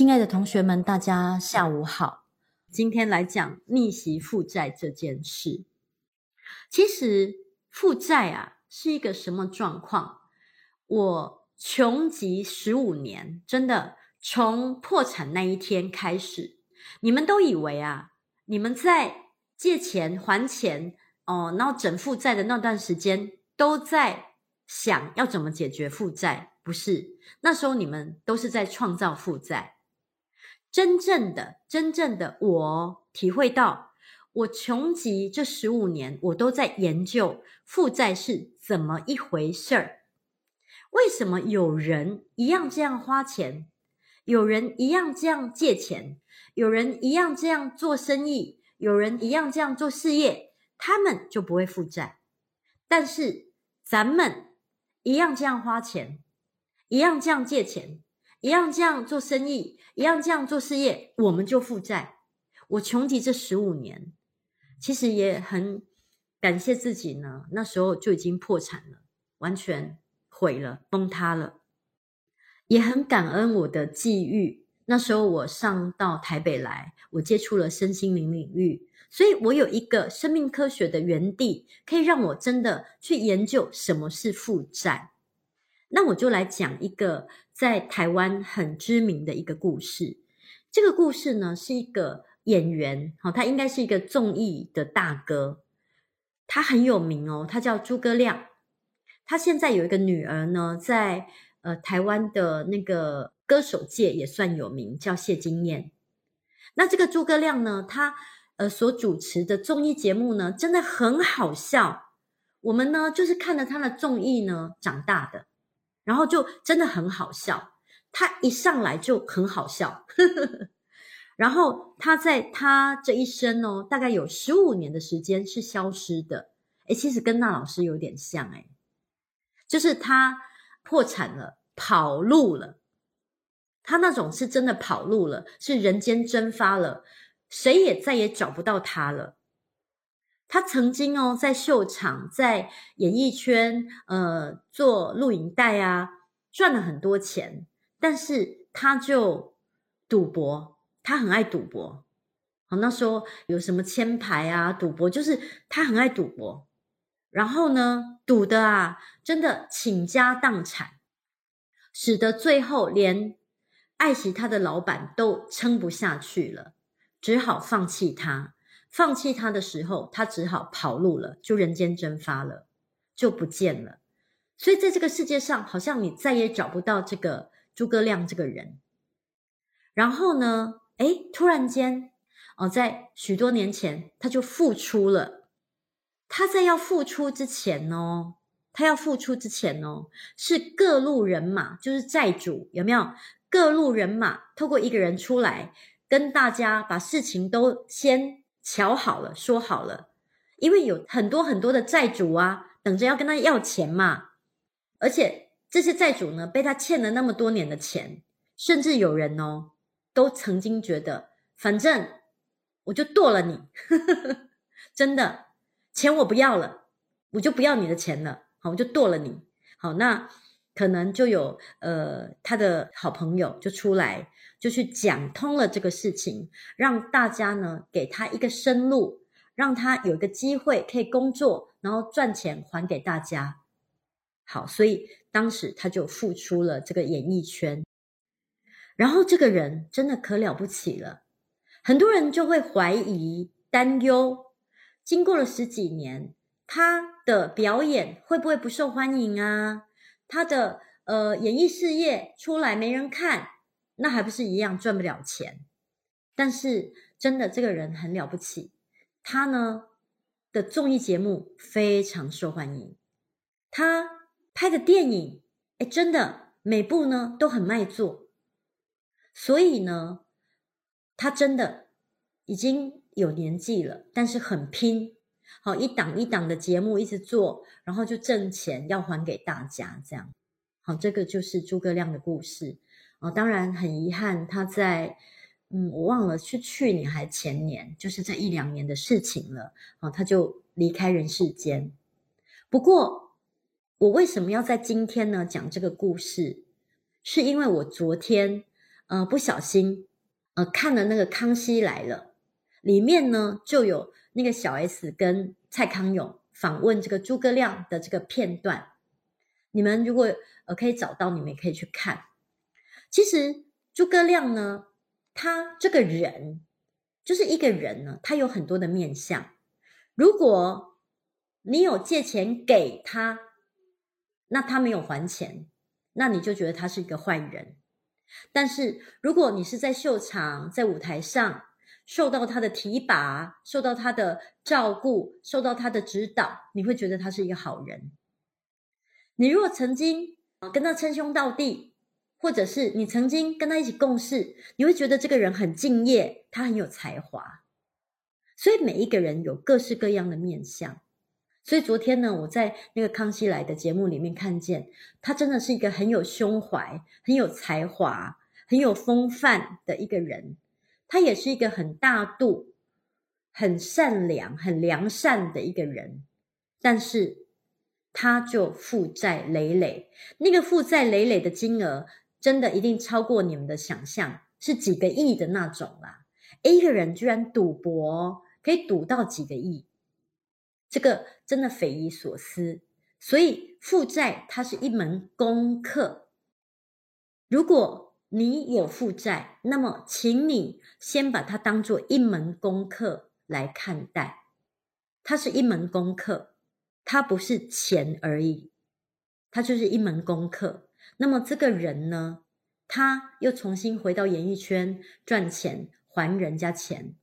親愛的同學們，大家下午好。今天來講逆襲負債這件事。其實負債啊是一個什麼狀況？我窮極十五年，真的從破產那一天開始，你們都以為啊，你們在借錢還錢哦，呃，然後整負債的那段時間，都在想要怎麼解決負債。不是，那時候你們都是在創造負債。真正的，真正的我體會到，我窮極這十五年，我都在研究負債是怎麼一回事兒。為什麼有人一樣這樣花錢，有人一樣這樣借錢，有人一樣這樣做生意，有人一樣這樣做事業，他們就不會負債。但是咱們一樣這樣花錢，一樣這樣借錢。一樣這樣做生意，一樣這樣做事業，我們就負債。我窮極這十五年，其實也很感謝自己呢。那時候就已經破產了，完全毀了，崩塌了，也很感恩我的際遇。那時候我上到台北來，我接觸了身心靈領域，所以我有一個生命科學的園地，可以讓我真的去研究什麼是負債。那我就來講一個在台灣很知名的一個故事。這個故事呢，是一個演員，好、哦，他應該是一個綜藝的大哥，他很有名哦，他叫豬哥亮。他現在有一個女兒呢，在呃台灣的那個歌手界也算有名，叫謝金燕。那這個豬哥亮呢，他呃所主持的綜藝節目呢，真的很好笑。我們呢，就是看着他的綜藝呢長大的。然後就真的很好笑，他一上來就很好笑， 然後他在他這一生哦，大概有十五年的時間是消失的，誒，其實跟那老師有點像誒，就是他破產了，跑路了，他那種是真的跑路了，是人間蒸發了，誰也再也找不到他了。他曾經哦，在秀場、在演藝圈，呃，做錄影帶啊，賺了很多錢。但是他就賭博，他很愛賭博。好說，那時候有什麼簽牌啊，賭博就是他很愛賭博。然後呢，賭的啊，真的傾家蕩產，使得最後連愛惜他的老板都撐不下去了，只好放棄他。放棄他的時候，他只好跑路了，就人間蒸發了，就不見了。所以在這個世界上，好像你再也找不到這個諸葛亮這個人。然後呢，誒，突然間，哦，在許多年前，他就復出了。他在要復出之前哦，他要復出之前哦，是各路人馬，就是債主，有沒有？各路人馬透過一個人出來，跟大家把事情都先。瞧好了，說好了，因為有很多很多的債主啊，等着要跟他要錢嘛。而且這些債主呢，被他欠了那麼多年的錢，甚至有人哦，都曾經覺得，反正我就剁了你， 真的錢我不要了，我就不要你的錢了，好，我就剁了你。好，那。可能就有呃，他的好朋友就出來，就去講通了這個事情，讓大家呢給他一個生路，讓他有一個機會可以工作，然後賺錢還給大家。好，所以當時他就復出了這個演藝圈。然後這個人真的可了不起了，很多人就會懷疑擔憂，經過了十幾年，他的表演會不會不受歡迎啊？他的呃演藝事業出來沒人看，那還不是一樣賺不了錢？但是真的這個人很了不起，他呢的綜藝節目非常受歡迎，他拍的電影，哎真的每部呢都很賣座，所以呢他真的已經有年紀了，但是很拼。好，一檔一檔的節目一直做，然後就掙錢，要還給大家這樣。好，這個就是豬哥亮的故事啊、哦。當然很遺憾，他在嗯，我忘了是去，去年還是前年，就是這一兩年的事情了啊、哦，他就離開人世間。不過，我為什麼要在今天呢講這個故事？是因為我昨天呃不小心呃看了那個《康熙來了》，裡面呢就有。那個小 S 跟蔡康永訪問這個豬哥亮的這個片段，你們如果呃可以找到，你們也可以去看。其實豬哥亮呢，他這個人就是一個人呢，他有很多的面相。如果你有借錢給他，那他沒有還錢，那你就覺得他是一個壞人。但是如果你是在秀場，在舞台上，受到他的提拔，受到他的照顧，受到他的指導，你會覺得他是一個好人。你如果曾經跟他稱兄道弟，或者是你曾經跟他一起共事，你會覺得這個人很敬業，他很有才華。所以每一個人有各式各樣的面相。所以昨天呢，我在那個康熙來的節目裡面看見，他真的是一個很有胸懷、很有才華、很有風範的一個人。他也是一個很大度、很善良、很良善的一個人，但是他就負債累累。那個負債累累的金額，真的一定超過你們的想象，是幾個億的那種啦。一個人居然賭博、哦、可以賭到幾個億，這個真的匪夷所思。所以負債它是一門功課，如果。你有負債，那麼請你先把它當做一門功課來看待，它是一門功課，它不是錢而已，它就是一門功課。那麼這個人呢，他又重新回到演藝圈賺錢，還人家錢，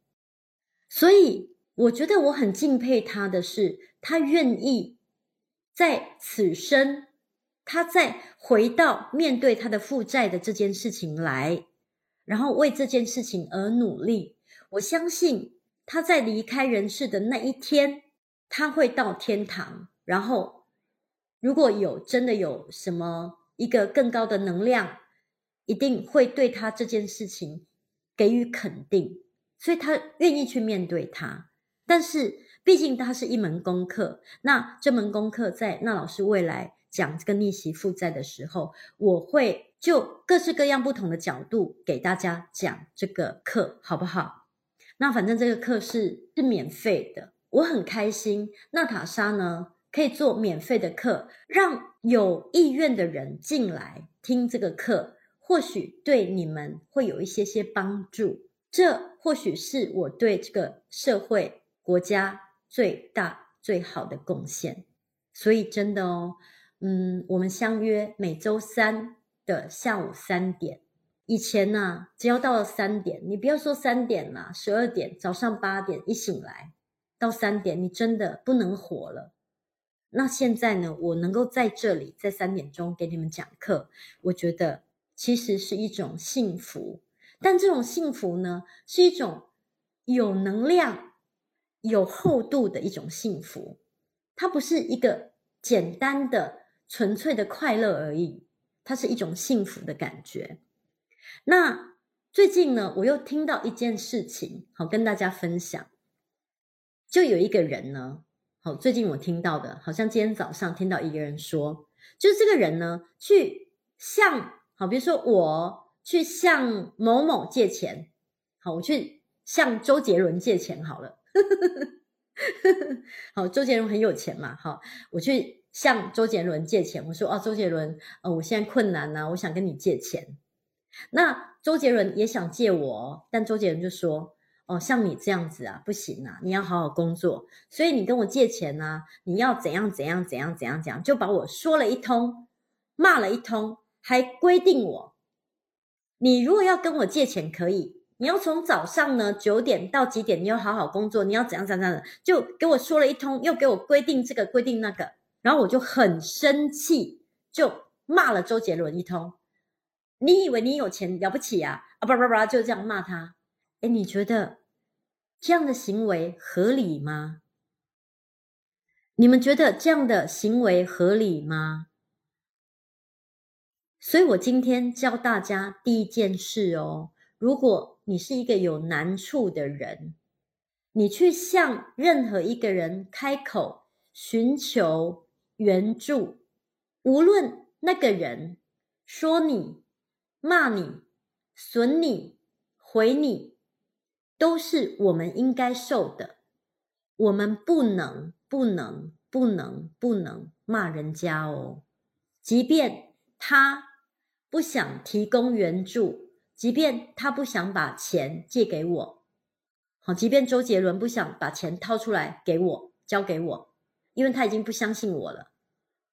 所以我覺得我很敬佩他的是，他願意在此生。他再回到面對他的負債的這件事情來，然後為這件事情而努力。我相信他在離開人世的那一天，他會到天堂。然後，如果有真的有什麼一個更高的能量，一定會對他這件事情給予肯定。所以他願意去面對他。但是，畢竟他是一門功課，那這門功課在那老師未來。講這個逆襲負債的時候，我會就各式各樣不同的角度給大家講這個課，好不好？那反正這個課是是免費的，我很開心。娜塔莎呢，可以做免費的課，讓有意願的人進來聽這個課，或許對你們會有一些些幫助。這或許是我對這個社會、國家最大最好的貢獻。所以真的哦。嗯，我們相約每周三的下午三點。以前呢、啊，只要到了三點，你不要說三點啦、啊、十二點、早上八點一醒來到三點，你真的不能活了。那現在呢，我能夠在這裡，在三點鐘給你們講課，我覺得其實是一種幸福。但這種幸福呢，是一種有能量、有厚度的一種幸福，它不是一個簡單的。純粹的快樂而已，它是一種幸福的感覺。那最近呢，我又聽到一件事情，好跟大家分享。就有一個人呢，好，最近我聽到的，好像今天早上聽到一個人說，就這個人呢，去向好，比如說我去向某某借錢，好，我去向周杰倫借錢好了。 好，周杰倫很有錢嘛，好，我去。向周杰倫借錢，我說，哦，周杰倫，呃、哦，我現在困難吶、啊，我想跟你借錢。那周杰倫也想借我，但周杰倫就說，哦，像你這樣子啊，不行啊，你要好好工作。所以你跟我借錢呢、啊，你要怎樣怎樣怎樣怎樣怎樣，就把我說了一通，罵了一通，還規定我，你如果要跟我借錢可以，你要從早上呢九點到幾點你要好好工作，你要怎樣怎樣的，就給我說了一通，又給我規定這個規定那個。然後我就很生氣，就罵了周杰倫一通。你以為你有錢了不起啊？啊不不不，就這樣罵他。哎，你覺得這樣的行為合理嗎？你們覺得這樣的行為合理嗎？所以我今天教大家第一件事哦，如果你是一個有難處的人，你去向任何一個人開口尋求援助，無論那個人說你、罵你、損你、毀你，都是我們應該受的。我們不能、不能、不能、不能罵人家哦。即便他不想提供援助，即便他不想把錢借給我，好，即便周杰倫不想把錢掏出來給我，交給我。因為他已經不相信我了，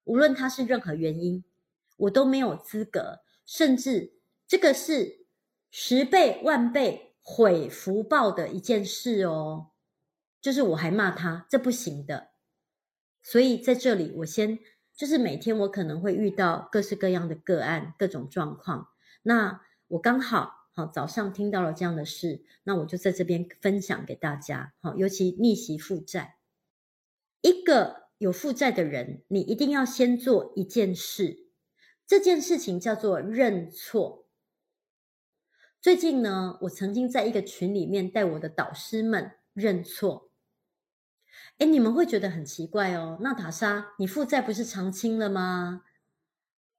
無論他是任何原因，我都沒有資格，甚至這個是十倍萬倍毀福報的一件事哦。就是我還罵他，這不行的。所以在這裡，我先就是每天我可能會遇到各式各樣的個案、各種狀況。那我剛好好早上聽到了這樣的事，那我就在這邊分享給大家。好，尤其逆襲負債。一個有負債的人，你一定要先做一件事，這件事情叫做認錯。最近呢，我曾經在一個群裡面帶我的導師們認錯。哎，你們會覺得很奇怪哦，娜塔莎，你負債不是償清了嗎？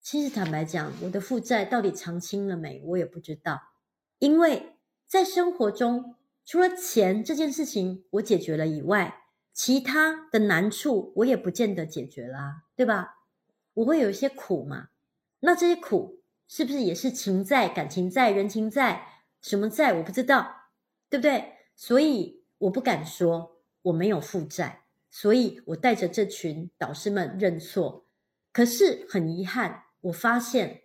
其實坦白講，我的負債到底償清了沒，我也不知道，因為在生活中，除了錢這件事情我解決了以外，其他的難處我也不見得解決啦，啊，對吧？我會有一些苦嘛，那這些苦是不是也是情債、感情債、人情債？什麼債我不知道，對不對？所以我不敢說我沒有負債，所以我帶着這群導師們認錯。可是很遺憾，我發現，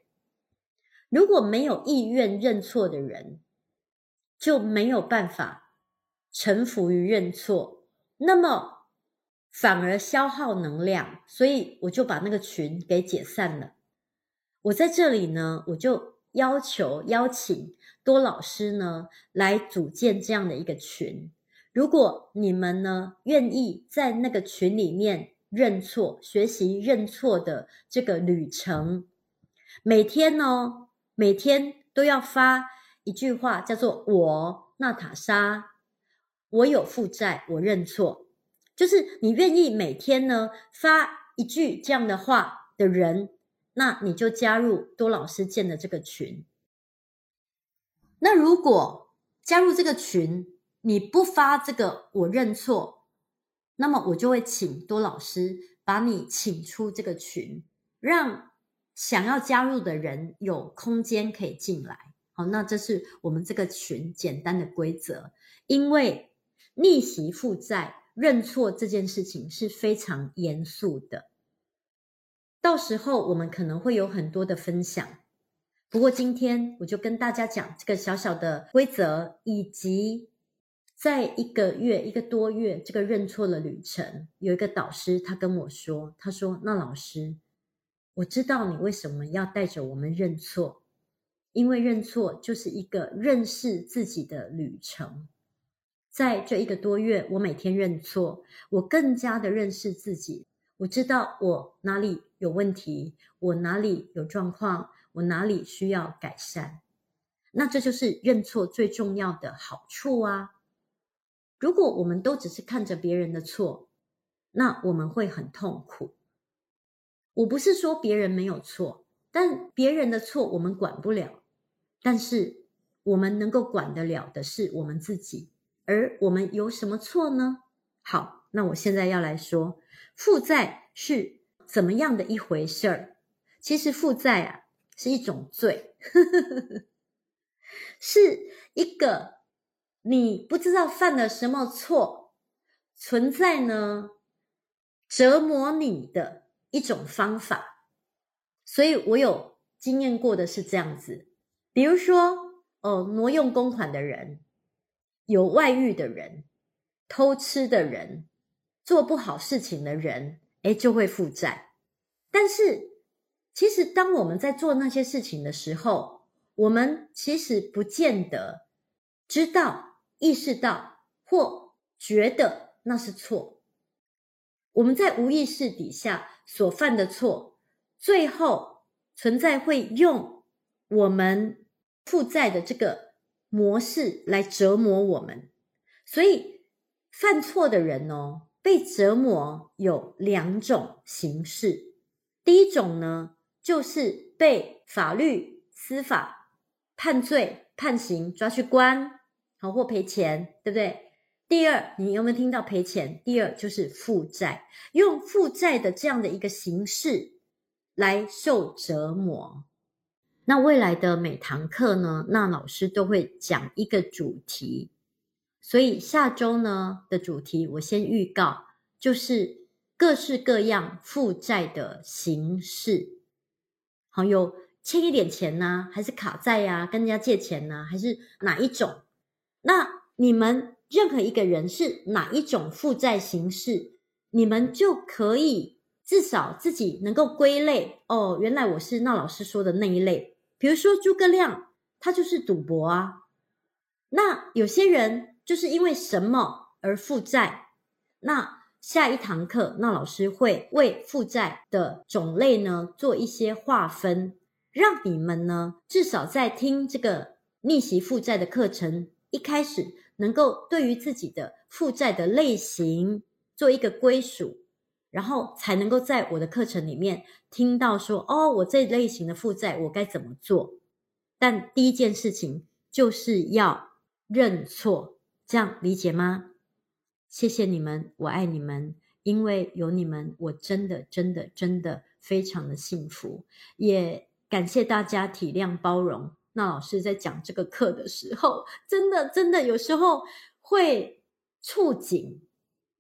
如果沒有意願認錯的人，就沒有辦法臣服於認錯。那麼反而消耗能量，所以我就把那個群給解散了。我在這裡呢，我就要求邀請多老師呢來組建這樣的一個群。如果你們呢願意在那個群裡面認錯，學習認錯的這個旅程，每天呢、哦，每天都要發一句話，叫做我“我娜塔莎”。我有負債，我認錯，就是你願意每天呢發一句這樣的話的人，那你就加入多老師建的這個群。那如果加入這個群，你不發這個我認錯，那麼我就會請多老師把你請出這個群，讓想要加入的人有空間可以進來。好，那這是我們這個群簡單的規則，因為。逆襲負債、認錯這件事情是非常嚴肅的。到時候我們可能會有很多的分享，不過今天我就跟大家講這個小小的規則，以及在一個月一個多月這個認錯的旅程。有一個導師，他跟我說：“他說，那老師，我知道你為什麼要帶着我們認錯，因為認錯就是一個認識自己的旅程。”在這一個多月，我每天認錯，我更加的認識自己。我知道我哪裡有問題，我哪裡有狀況，我哪裡需要改善。那這就是認錯最重要的好處啊！如果我們都只是看着別人的錯，那我們會很痛苦。我不是說別人沒有錯，但別人的錯我們管不了，但是我們能夠管得了的是我們自己。而我們有什麼錯呢？好，那我現在要來說，負債是怎麼樣的一回事兒？其實負債啊是一種罪， 是一個你不知道犯了什麼錯，存在呢折磨你的一種方法。所以我有經驗過的是這樣子，比如說哦、呃、挪用公款的人。有外遇的人，偷吃的人，做不好事情的人，誒、欸、就會負債。但是，其實當我們在做那些事情的時候，我們其實不見得知道、意識到或覺得那是錯。我們在無意識底下所犯的錯，最後存在會用我們負債的這個。模式來折磨我們，所以犯錯的人哦，被折磨有兩種形式。第一種呢，就是被法律司法判罪判刑抓去關，好，或賠錢，對不對？第二，你有沒有聽到賠錢？第二，就是負債，用負債的這樣的一個形式來受折磨。那未來的每堂課呢，那老師都會講一個主題，所以下週呢的主題我先預告，就是各式各樣負債的形式。好，有欠一點錢呢、啊，還是卡債呀、啊？跟人家借錢呢、啊，還是哪一種？那你們任何一個人是哪一種負債形式，你們就可以至少自己能夠歸類。哦，原來我是那老師說的那一類。比如說諸葛亮，他就是賭博啊。那有些人就是因為什麼而負債？那下一堂課，那老師會為負債的種類呢做一些劃分，讓你們呢至少在聽這個逆襲負債的課程一開始，能夠對於自己的負債的類型做一個歸屬。然後才能夠在我的課程裡面聽到說，哦，我這類型的負債我該怎麼做？但第一件事情就是要認錯，這樣理解嗎？謝謝你們，我愛你們，因為有你們，我真的真的真的，真的非常的幸福，也感謝大家體諒包容。那老師在講這個課的時候，真的真的有時候會觸景。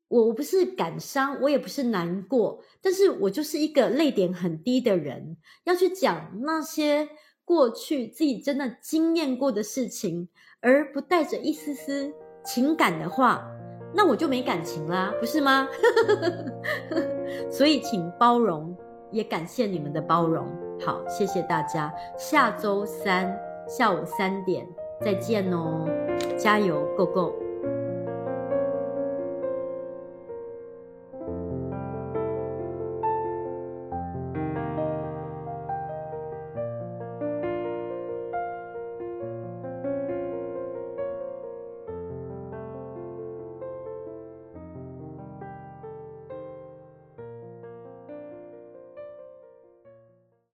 我，我不是感傷，我也不是難過，但是我就是一個淚點很低的人。要去講那些過去自己真的經驗過的事情，而不帶着一絲絲情感的話，那我就沒感情啦，不是嗎？ 所以請包容，也感謝你們的包容。好，謝謝大家，下週三下午三點再見哦，加油，Go Go！